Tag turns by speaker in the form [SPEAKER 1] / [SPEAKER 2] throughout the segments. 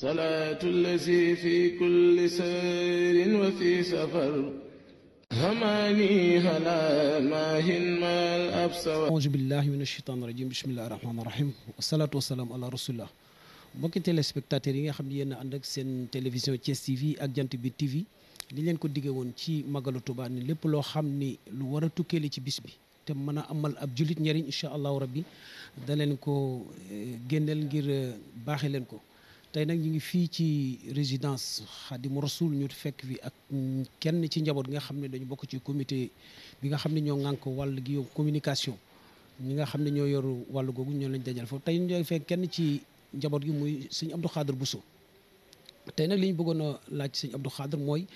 [SPEAKER 1] صلاة الذي في كل سير وفي سفر هماني هلا ماهن ما الأبصر أعوذ بالله من الشيطان الرجيم بسم الله الرحمن الرحيم والصلاة والسلام على رسول الله mbokki téléspectateurs yi nga xam ne yéen a ànd ak seen télévision Thiès TV ak jant bi TV li leen ko diggee woon ci magalu Touba ni lépp loo xam ni lu war a tukkee ci bis bi te mën a amal ab jullit njëriñ incha allahu rabbi da leen ko génneel ngir baaxe leen ko tey nag ñu ngi fii ci résidence Xaadimu Rasuul ñu fekk fi ak kenn ci njaboot gi nga xam ne dañu bokk ci comité bi nga xam ne ñoo ŋànk wàll gi yow communication ñi nga xam ne ñoo yoru wàllu googu ñoo lañ dajal foofu tey ñu ngi kenn ci njaboot gi muy sëñ Abdou Khadre Bousso tey nag li ñu bëggoon laaj sëñ Abdou Khadre mooy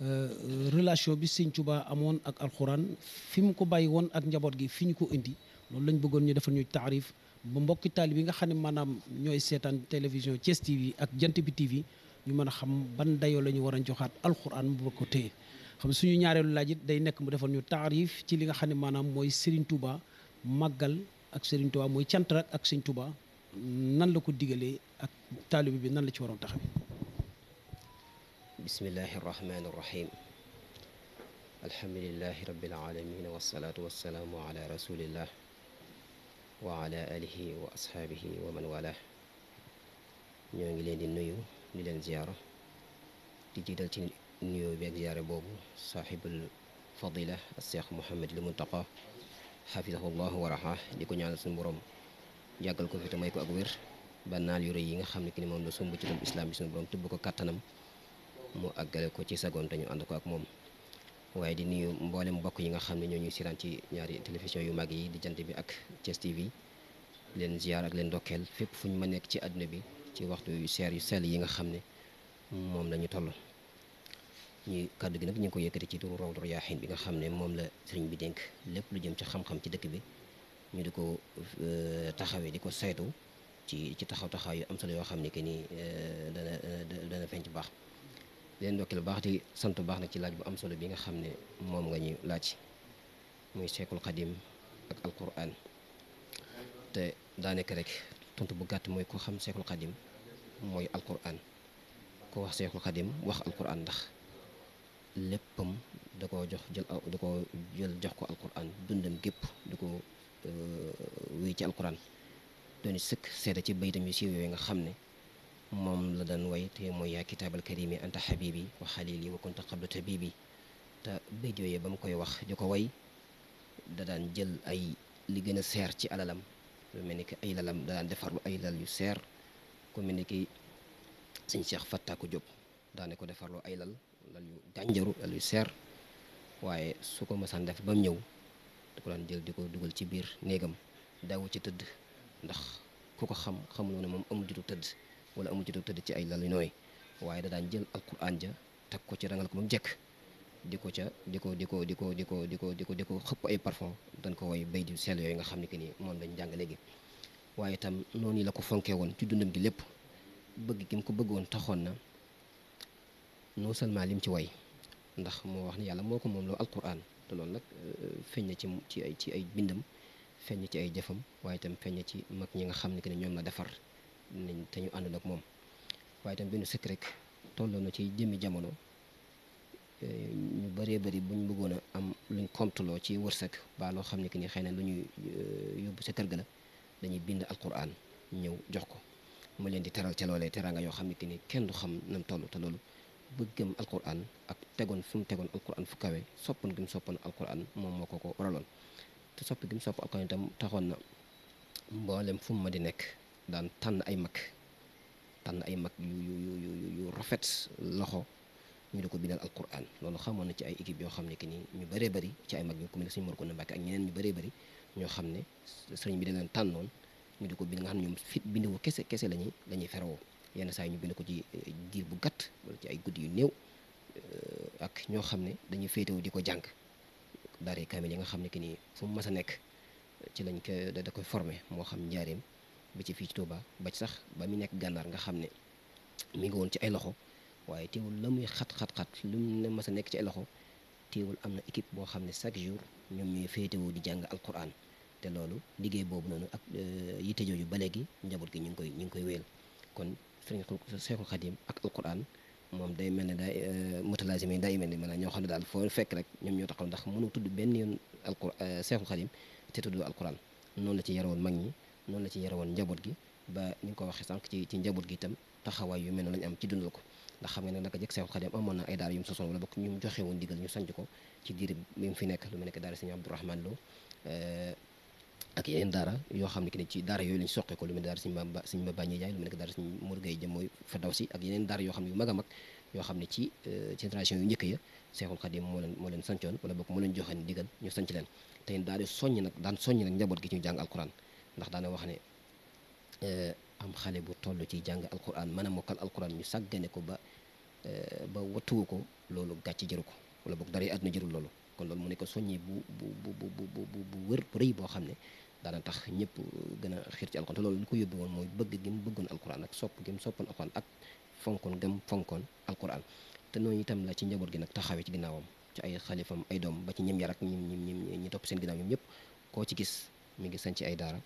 [SPEAKER 1] euh, relation bi sëñ Tuubaa amoon ak alxuraan fi mu ko bàyyi woon ak njaboot gi fi ñu ko indi loolu lañ bëggoon ñu defal ñu taarif ba mbokki taalibe yi nga xam ne maanaam ñooy seetaan télévision Thiès TV ak jant bi TV ñu mën a xam ban dayoo la ñu war a joxaat alxuraan mu bëgg ko téye xam suñu ñaareelu laaj it day nekk mu defal ñu taarif ci li nga xam ne maanaam mooy Serigne Touba màggal ak Serigne Touba mooy cantarak ak Serigne Touba nan la ko digalee ak taalibe bi nan la ci waroon taxawee.
[SPEAKER 2] bismillahi rahmaani rahim. alhamdulilahi rabbil alamin wasalaatu wasalaamu ala rasulillah. wa ala alihi wa ashaabihi wa man wala ñoo ngi leen di nuyu di leen ziyaara di jiital ci nuyu bi ak ziyaara boobu saaxibul fadila Seex Muhammad li Muntaqa xafidahu llahu wa raxaa di ko ñaanal suñu borom yàggal ko fi te may ko ak wér ba naal yure yi nga xam ne ki ni moom la sumb ci dum islam bi suñu borom tëbb ko kàttanam mu àggale ko ci sagoon te ñu ko ak moom waaye di nuyu mboolem mbokk yi nga xam ne ñoo ñuy siraan ci ñaari télévision yu mag yi di jant bi ak Thiès TV leen ziar ak leen ndokkeel fépp fu ñu ma nekk ci àdduna bi ci waxtu yu seer yu sell yi nga xam ne moom la ñu toll. ñuy kàddu gi nag ñu ko yëkkati ci turu Rawdu Rayaahiin bi nga xam ne moom la sëriñ bi dénk lépp lu jëm ci xam-xam ci dëkk bi ñu di ko euh, taxawee di ko saytu ci ci taxaw taxaw yu am solo yoo xam ne que nii euh, dana euh, dana baax. leen ndokkeel lu baax di sant bu baax na ci laaj bu am solo bi nga xam ne moom nga ñuy laaj muy Cheikhul Xadim ak Alquran te daanaka rek tont bu gàtt mooy ko xam Cheikhul Xadim mooy Alquran ko wax Cheikhul Xadim wax Alquran ndax léppam da koo jox jël da koo jël jox ko Alquran dundam gépp da ko euh, wéy ci Alquran dooni sëkk seeta ci baytam yu siiw yooyu nga xam ne moom la daan way te mooy yaa kitaabal karimi anta xabibi wa xalili wa kunta qablu tabibi te béy yooyu ba mu koy wax di ko way da daan jël ay li gën a seer ci alalam lu mel ni que ay lalam da daan defarlu ay lal yu seer ku mel ni ki sëñ Cheikh Fattaku Diop daane ko defarlu ay lal lal yu gànjaru lal yu seer waaye su ko mësaan def ba mu ñëw da ko daan jël di ko dugal ci biir néegam daawu ci tëdd ndax ku ko xam xamuloo ne moom amu jutu tëdd wala amu jot a tëdd ci ay lal nooy waaye da daan jël alquran ja teg ko ci rangal ko moom jekk di ko ca di ko di ko di ko di ko di ko di ko di ko xëpp ay parfum dañ ko woy bay di seel yooyu nga xam ne que ni moom lañ jàng léegi waaye itam noonu la ko fonkee woon ci dundam gi lépp bëgg gi ko bëggoon taxoon na non seulement lim ci way ndax moo wax ne yàlla moo ko moom loo alquran te loolu nag euh, feeñ na ci ci ay ci ay bindam feeñ ci ay jëfam waaye itam feeñ ci mag ñi nga xam ne que ni ñoom la defar nañ te ñu ànd ak moom waaye tam benn sikk rek tolloo na ci jëmmi jamono eh, ñu bëree bëri buñ bëggoon a am luñ compteloo ci wër wërsëg baa loo xam ne ki ni xëy na lu ñuy eh, yóbbu sa kër ga la dañuy bind alquran ñëw jox ko mu leen di teral ca loolee teraanga yoo xam ne que ni kenn du xam nam toll te loolu bëggam alquran ak tegoon fu mu tegoon alquran fu kawe soppan gi mu soppan alquran moom moo ko ko waraloon te soppi gi mu sopp alquran itam taxoon na mboolem fu mu ma di nekk daan tànn ay mag tànn ay mag yu yu yu yu rafet loxo ñu di ko bindal alquran loolu xamoon na ci ay équipe yoo xam ne que ni ñu bëree bari ci ay mag ñu suñu Mor Mbàkke ak ñeneen ñu bëree ñoo xam ne sëriñ bi da leen tànnoon ñu di ko bind nga xam ne ñoom fit bind wu kese kese lañuy la ñuy ferewoo yenn saa yi ñu bind ko ci eh, diir bu gàtt wala ci ay guddi yu néew eh, ak ñoo xam ne dañu féetewu di ko jàng daara kaamil yi nga xam ne que nii fu mu a nekk ci lañ ko da koy formé moo xam njaareem ba ci fii ci Touba ba ci sax ba mu nekk gànnaar nga xam ne mi ngi woon ci ay loxo waaye teewul la muy xat xat xat lu mu mas a nekk ci ay loxo teewul am na équipe boo xam ne chaque jour ñoom ñuy féetewoo di jàng alquran te loolu liggéey boobu noonu ak euh, yitte jooju ba léegi njaboot gi ñu ngi koy ñu ngi koy wéyal kon sëriñ Seexul Xadim ak alquran moom day mel ne day euh, mutalaasim yi day mel ne maanaam ñoo xam ne daal foo fekk rek ñoom ñoo taxaw ndax mënu tudd benn yoon alquran Seexul euh, Xadim te tudd alquran noonu la ci yaroon mag ñi noonu la ci yarawoon njaboot gi ba ni nga ko waxee sànq ci ci njaboot gi itam taxawaay yu mel noonu lañ am ci dundal ko ndax xam nga ne naka jëkk Seexul na ay daara yu mu sosoon wala bokk ñu joxe woon ndigal ñu sanc ko ci diirib bi mu fi nekk lu eh, yoo xam ne que ne ci daara yooyu lañ soqe ko lu mel ne daara Sëñ Bamba Sëñ Maba Ndiaye lu mu xam ne yu mag a mag eh, moo leen moo leen sancoon wala bokk moo leen joxe ndigal leen te daal di soñ nag daan soññ nag njaboot gi ñu jàng alquran ndax daana wax ne e, am xale bu toll ci jàng alquran mën a mokkal alquran ñu sàggane ko ba e, ba wattuwu ko loolu gàcc jëru ko wala boog dara àdduna jërul loolu kon loolu mu ne ko soññi bu bu bu bu bu wër bu rëy boo xam ne daana tax ñëpp gën a xiir ci alquran te loolu li ko yóbbu woon mooy bëgg gi mu bëggoon alquran ak sopp gi mu soppoon alquran ak fonkoon gam te noonu itam la ci njaboot gi nag taxawee ci ginnaawam ci ay xalifam ay doom ba ci ñim yar ak ñim ñim ñi topp seen ginnaaw ñoom ñëpp koo ci gis mi ngi sañ ci ay daara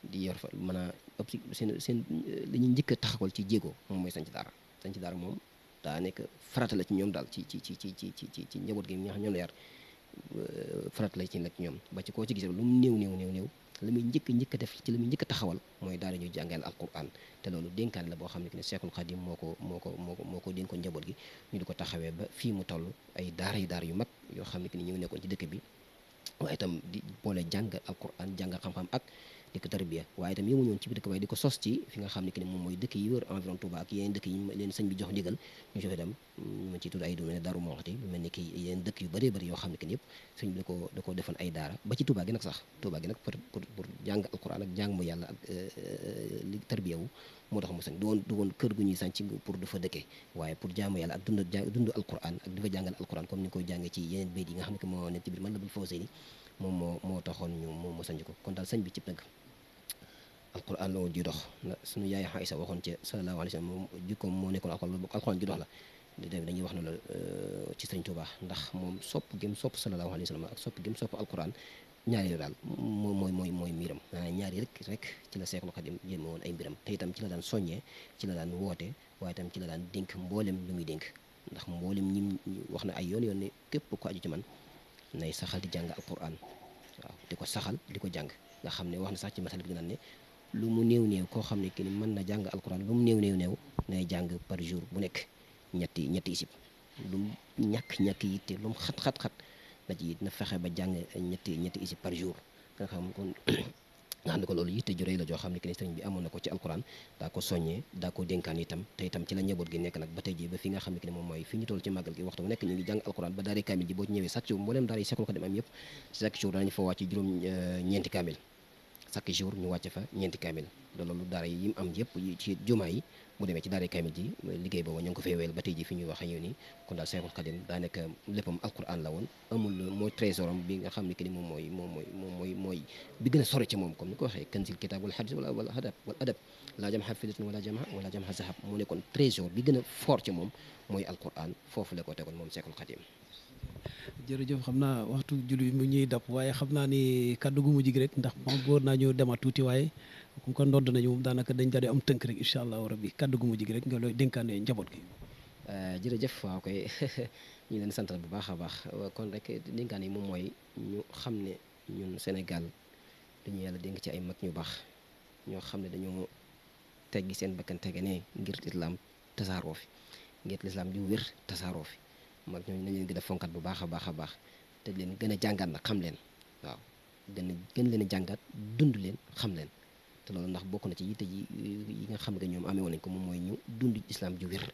[SPEAKER 2] di yor fa mana a ëpp seen seen li eh, ñu njëkk taxawal ci jéego moom mooy sanc dara sanc dara moom daa nekk farata la ci ñoom daal ci ci ci ci ci ci ci ci njaboot gi nga xam ñoom la yar eh, farata la ci nag ñoom ba ci koo ci gis lu mu néew néew néew néew la muy njëkk njëkk def ci la muy njëkk taxawal mooy daara ñu jàngal alquran te loolu dénkaan la boo xam ne cheikhul Xadim moo ko moo ko moo ko moo ko dénkoon njaboot gi ñu di ko taxawee ba fii mu toll ay daara yu daara yu mag yoo xam ne ñu ngi nekkoon ci dëkk bi waaye itam di boole jàng alquran jàng xam-xam ak di ko tarbiya waaye itam yëmu ñoon ci biir dëkk bay di ko sos ci fi nga xam ne que ni moom mooy dëkk yi environ Touba ak yeneen dëkk yi leen sëñ bi jox ndigal ñu joxe itam ñu ci tudd ay domaine Daaru Muxti bu mel ni ki yeneen dëkk yu bëree bëri yoo xam ne que ni yëpp sëñ bi da ko da ay daara ba ci Touba gi nag sax Touba gi nag pour pour jàng alquran ak jàng mu yàlla ak euh, euh, li tarbiya wu moo tax mu sañ du woon du woon kër gu ñuy sànc pour du fa dëkkee waaye pour jaamu yàlla ak dund dund alquran ak di fa jàngal alquran comme ni koy jàngee ci yeneen bayt yi moo nekk ci biir man la bul fausé ni moom moo moo taxoon ñu moom moo sañ ko kon daal sañ bi cib nag alquran la woon juy dox suñu yaay Aïsa waxoon ci sallallahu alayhi wa sallam moom jikkoom moo nekkoon alquran ju dox la dañuy wax ne la euh, ci sëñ Tuubaa ndax moom sopp gëm sopp sallallahu alayhi wa sallam ak sopp gëm sopp alquran ñaari la daal mooy mooy mooy mooy mbiram maanaam ah, ñaari rek rek ci la Seexul Xadim jéem woon ay mbiram te itam ci la daan soññee ci la daan woote waaye itam ci la daan dénk mbooleem lu muy dénk ndax mboolem ñi wax na ay yoon yoon ne képp ko aju ci man nay saxal di jàng alquran waaw di ko saxal di ko jàng nga xam ne wax na sax ci masal bi naan ne lu mu néew néew koo xam ne ki ni mën na jàng alquran lu mu néew néew néew nay jàng par jour bu nekk ñetti ñetti isib lu mu ñàkk ñàkk yitte lu mu xat xat xat ba ci it na fexe ba jàng ñetti ñetti isib par jour nga xam kon nga xam ne ko loolu yitte ju rëy la joo xam ne ki ne sëriñ bi amoon na ko ci alquran daa ko soññee daa ko dénkaan itam te itam ci la njaboot gi nekk nag ba tey ba fi nga xam ne ki ne moom mooy fi ñu toll ci màggal gi waxtu bu nekk ñu ngi jàng alquran ba daari kaamil ji boo ci ñëwee chaque mbooleem daara yi Seexul Xadim am yëpp chaque jour juróom eh, ñeenti kaamil chaque jour ñu wàcc fa ñeenti kaamil lolu dara yi am yëpp ci juma yi mu démé ci daara kaamil ji liggéey bobu ñu ko fé wël batay ji fi ñu wax ñu ni nii kon daal Seexul Xadim daa nekk léppam alquran la woon amul moy trésoram bi nga xamni ne ni mom moy mom moy mom moy moy bi gëna sori ci mom comme ni ko waxé kanzil kitabul hadith wala wala hadab wal adab la jam xa wala jamha wala jamha zahab mu ne kon trésor bi gëna fort ci mom moy alquran fofu le ko tégon mom cheikhul khadim
[SPEAKER 1] jërëjëf xam naa waxtu julli mu ñuy dab waaye xam naa ni kaddu gu mujj gi rek ndax moom naa ñu demaat tuuti waaye comme que ndodd nañu moom daanaka dañ daal am tënk rek incha allahu rabbi kaddu gu mujj gi rek nga looy dénkaane
[SPEAKER 2] euh, jërëjëf waaw koy ñu leen sant bu baax a baax kon rek dénkaan yi moom mooy ñu xam ne ñun Sénégal dañu yàlla dénk ci ay mag ñu baax ñoo xam ne dañoo teggi seen bakkan tege ne ngir lislaam tasaaroo fi ngir lislaam ju wér tasaaroo fi mag ñooñu nañ leen gën a fonkat bu baax a baax a baax te leen gën a jàngat nag xam leen waaw gën a gën leen a jàngat dund leen xam leen te loolu ndax bokk na ci yitte yi yi nga xam nga ñoom amee woon nañ ko moom mooy ñu dund islam ju wér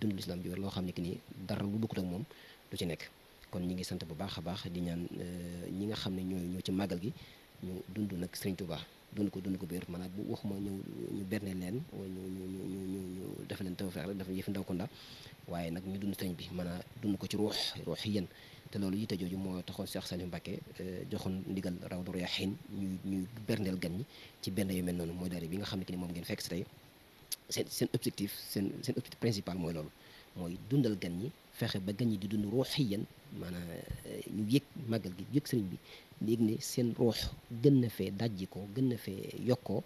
[SPEAKER 2] dund islam ju loo xam ne que ni dara lu bokkut ak moom du ci nekk kon ñi ngi sant bu baax a baax di ñaan euh, ñi nga xam ne ñoo ñoo ci màggal gi ñu dund nag Sëriñ Tuubaa dund ko dund ko man a bu waxuma ñu ñu berne leen ñu ñu ñu ñu ñu def leen te rek def yëfi ndaw ko ndax waaye nag ñu dund sëñ bi a dund ko ci ruux ruux yéen te loolu yitte jooju moo taxoon Cheikh Salim Mbacké eh, joxoon ndigal Rawdu Rayaahiin ñu ñu berndeel gan ñi ci benn yu mel noonu mooy daara bi nga xam ne ki ni moom ngeen fekk si tey seen seen objectif seen seen objectif principal mooy loolu moy dundal gan ñi fexe ba gan ñi di dund ruhiyan manana ñu yek magal gi yek sëriñ bi léegi ne seen ruh gën na fe dajji ko gën na fe yokko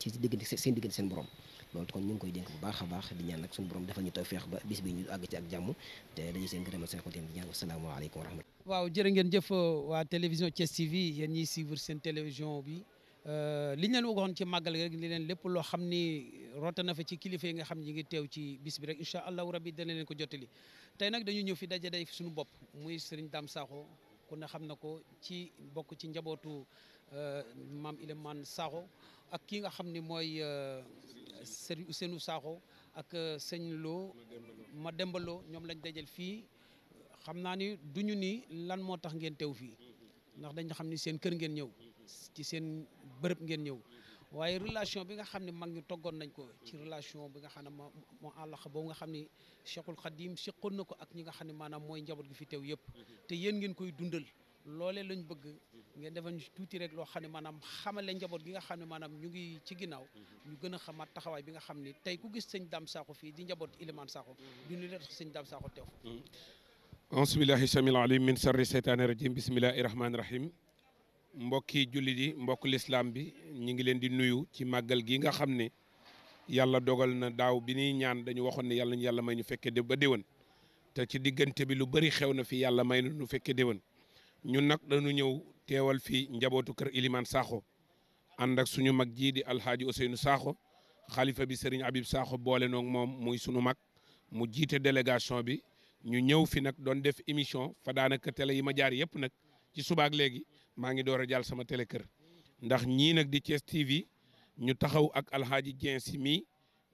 [SPEAKER 2] ci diggante seen diggante seen borom loolu kon ñu ngi koy dénk bu baaxa baax di ñaan nak suñu borom defal ñu tawfeex ba bis bi ñu ag ci ak jàmm te dañuy seen gërëmal seen xoteel di ñaan alaykum wa rahmatullahi
[SPEAKER 1] waaw jërë ngeen jëf wa télévision Thiès TV yéen ñi suivre seen télévision bi. Euh, li ñu leen waxoon ci màggal rek li leen lépp loo xam ni roote na fa ci kilifa yi nga xam ñi ngi teew ci bis bi rek incha allahu rabi dana leen ko jottali tey nag dañu ñëw fi daje day suñu bopp muy Serigne Dame Sakho ku ne xam na ko ci bokk ci njabootu euh, maam Ilimane Sakho ak ki nga xam ni mooy euh, Serigne Ousseynou Sakho ak sëñ ma dembaloo ñoom lañ dajal fii xam naa ni duñu ni lan moo tax ngeen teew fii ndax dañ xam ni seen kër ngeen ñëw ci seen bërëb ngeen ñëw waaye relation bi nga xam ne mag ñu toggoon nañ ko ci relation bi nga xam ne moo moo àllax boobu nga xam ne Cheikhul Khadim seqoon na ko ak ñi nga xam ne maanaam mooy njaboot gi fi teew yëpp mm-hmm. te yéen ngeen koy dundal loolee lañ bëgg ngeen defal ñu tuuti rek loo xam ne maanaam xamale njaboot gi nga xam ne maanaam ñu ngi ci ginnaaw mm-hmm. ñu gën a xamaat taxawaay bi nga xam ne tey ku gis sëñ Dame Sakho fii di njaboot Ilimane Sakho du ñu la tax sëñ Dame Sakho teew.
[SPEAKER 3] auzu mbokki jullit yi mbokk lislaam bi ñu ngi leen di nuyu ci màggal gi nga xam ne yàlla dogal na daaw bi ñuy ñaan dañu waxoon ne yàlla ñu yàlla may ñu fekkee de ba déwén te ci diggante bi lu bëri xew na fi yàlla may nu fekkee déwén ñun nag dañu ñëw teewal fii njabootu kër Ilimaan Sakho ànd ak suñu mag jii di alxaaji Ousseynou Sakho xalifa bi Serigne Habib Sakho boole noog moom muy suñu mag mu jiite délégation bi ñu ñëw fi nag doon def émission fa daanaka télé yi ma jaar yëpp nag maa ngi door a jàll sama télé kër ndax ñii nag di Thiès TV ñu taxaw ak alxaaji Dieng si mii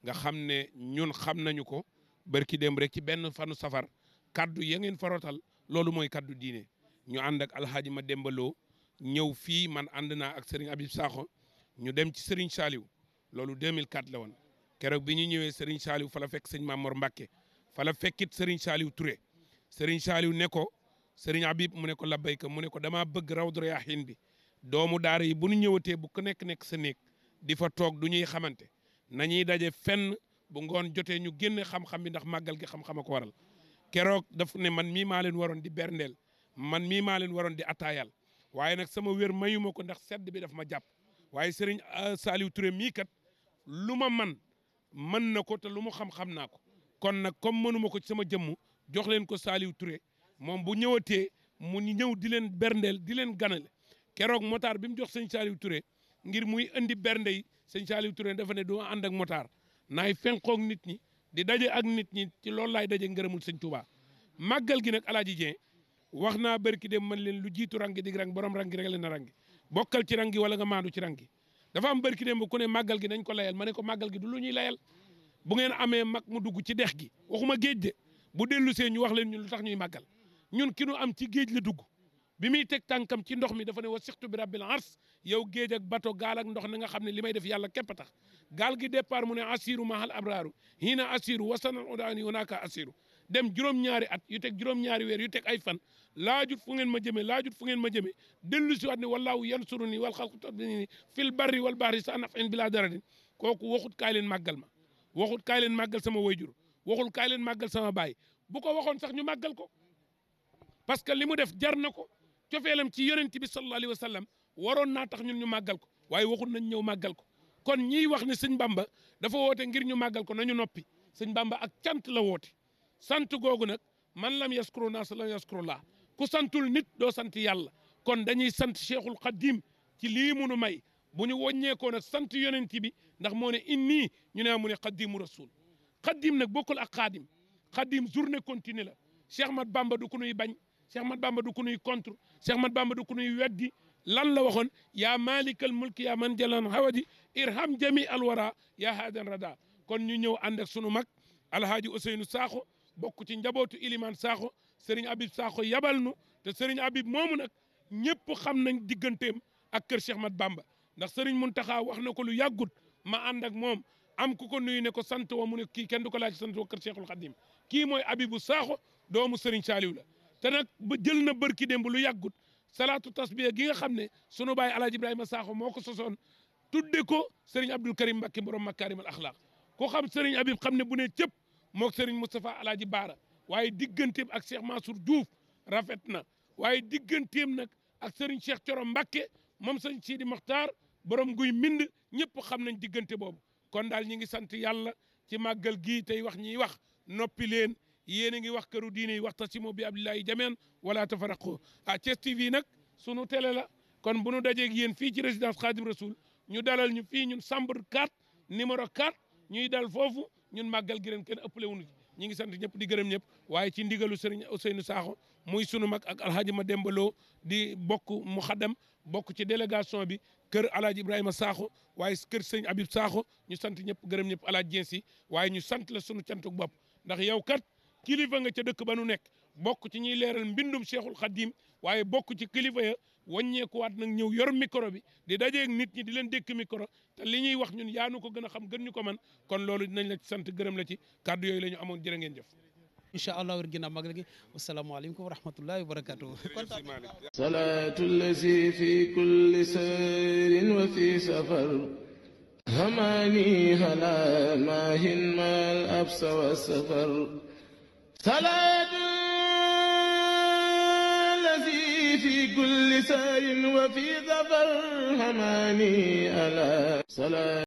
[SPEAKER 3] nga xam ne ñun xam nañu ko barki dem rek ci benn fanu safar kaddu ya ngeen farotal loolu mooy kaddu diine ñu ànd ak alxaaji ma dembaloo ñëw fii man ànd na ak Serigne Habib Sakho ñu dem ci Serigne Saliou loolu 2004 la woon keroog bi ñu ñëwee Serigne Saliou fala fekk sëñ Mamor Mbacke fa la fekkit Serigne Saliou Touré Serigne Saliou ne ko sëriñ Habib mu ne ko labbayka mu ne ko damaa bëgg rawdu riyaahin bi doomu daara yi bu nu ñëwatee bu ko nekk nekk sa néeg di fa toog du ñuy xamante nañuy daje fenn bu ngoon jotee ñu génn xam-xam bi ndax màggal gi xam-xam a ko waral keroog daf ne man mii maa leen waroon di berndeel man mii maa leen waroon di attaayal waaye nag sama wér mayuma ko ndax sedd bi daf ma jàpp waaye sëriñ euh, Saliou ture mii kat lu ma man mën na ko te lu mu xam-xam naa ko kon nag comme mënuma ko ci sama jëmm jox leen ko Saliou Touré moom bu ñëwatee mu ñëw di leen berndeel di leen ganale keroog motaar bi jox sëñ Saliou Touré ngir muy indi bernde yi sëñ Saliou Touré dafa ne du ma ànd ak motaar naay fenqoog nit ñi di daje ak nit ñi ci loolu laay daje ngërëmul sëñ Touba màggal gi nag Alaaji Dieng wax naa bërki dem man leen lu jiitu rangi dig rang borom rangi rek bokkal ci rangi wala nga maandu ci rangi dafa am bërki dem ku ne màggal gi dañ ko layal ma ko màggal gi du lu ñuy layal bu ngeen amee mag mu dugg ci dex gi waxuma bu ñu wax ñu lu ñuy magal. ñun ki am ci géej la dugg bi muy teg tànkam ci ndox mi dafa ne wa sixtu bi rabbil ars yow géej bato gaal ak ndox na nga xam ne li may def yàlla képp tax gaal gi départ mu ne assiru mahal abraaru hiina assiru wasanal odaani yonaaka assiru dem juróom-ñaari at yu teg juróom-ñaari weer yu teg ay fan laajut fu ngeen ma jëmee laajut fu ngeen ma jëmee dellu si waat ne wallaahu yansuru ni wal xalqu tabini fil barri wal bahri sa nafin bila daradin kooku waxut kaay leen màggal ma waxut kaay leen màggal sama wayjur waxul kaay leen màggal sama baay bu ko waxoon sax ñu màggal ko parce que li mu def jar na ko cofeelam ci yonent bi sallallahu alayhi wa sallam waroon naa tax ñun ñu màggal ko waaye waxul nañ ñëw màggal ko kon ñiy wax ne sëñ bamba dafa woote ngir ñu màggal ko nañu noppi sëñ bamba ak cant la woote sant googu nag man lam yaskuru naas lam yaskuru laa ku santul nit doo sant yàlla kon dañuy sant cheikhul xadim ci lii munu may bu ñu wàññeekoo nag sant yonent bi ndax moo ne innii ñu ne mu ne xadimu rasul xadim nag bokkul ak xaadim xadim journée continue la cheikh bamba du ku nuy bañ Cheikh Mat Bamba du ku nuy contre Cheikh Mat Bamba du ku nuy weddi lan la waxoon yaa maalikal mulki yaa man jalan hawaji irham jami alwara yaa haadan rada kon ñu ñëw ànd sunu mag alhaaji Ousseynou Sakho bokk ci njabootu Ilimane Sakho Serigne Habib Sakho yabal nu te Serigne Habib moomu nag ñëpp xam nañ digganteem ak kër Cheikh Mat Bamba ndax mun Mountakha wax na ko lu yàggut ma ànd ak moom am ku ko nuyu ne ko sant wa mu ne kii kenn du ko laaj sant wa kër Cheikhul Khadim kii mooy Habibou Sakho doomu Serigne Saliou la te nag ba jël na bërki démb lu yàggut salaatu tasbiya gi nga xam ne sunu baay alaaji ibrahima saaxo moo ko sosoon tudde ko sëriñ abdul karim mbàkke borom makaarim al axlaaq ko xam sëriñ abib xam ne bu ne cëpp mook sëriñ moustapha alaaji baara waaye digganteem ak cheikh mansour diouf rafet na waaye digganteem nag ak sëriñ cheikh coro mbàkke moom sëriñ siidi maxtaar borom guy mind ñëpp xam nañ diggante boobu kon daal ñi ngi sant yàlla ci màggal gii tey wax ñiy wax noppi leen yéen a ngi wax këru diine yi waxtasimu bi hablillahi jamii'an wala tafarraqu ah Thiès TV nag sunu télé la kon bu nu dajeeg yéen fii ci résidence Khadim Rasoul ñu dalal ñu fii ñun chambre 4 numéro 4 ñuy dal foofu ñun màggal gi ren kenn ëppale wuñu ñi ngi sant ñëpp di gërëm ñëpp waaye ci ndigalu sëriñ Ousseynou Sakho muy sunu mag ak alhaji ma dembaloo di bokk mu xadam bokk ci délégation bi kër alaaji Ibrahima Sakho waaye kër sëriñ Habib Sakho ñu sant ñëpp gërëm ñëpp alaaj Dieng si waaye ñu sant la sunu cantuk bopp ndax yow kat kilifa nga ci dëkk ba nu nekk bokk ci ñuy leeral mbindum cheikhul khadim waaye bokk ci kilifa ya wàññeekuwaat nag ñëw yor micro bi di dajeeg nit ñi di leen dékk micro te li ñuy wax ñun yaanu ko gën a xam gën ñu ko man kon loolu dinañ la ci sant gërëm la ci kàddu yooyu la ñu amoon jërë ngeen jëf ان شاء الله ginnaaw magal والسلام عليكم ورحمه الله
[SPEAKER 1] وبركاته صلاة الذي في كل سير وفي سفر هماني هلا ما هن ما الأبس والسفر سلام الذي في كل سائل وفي ظفر هماني ألا صلاة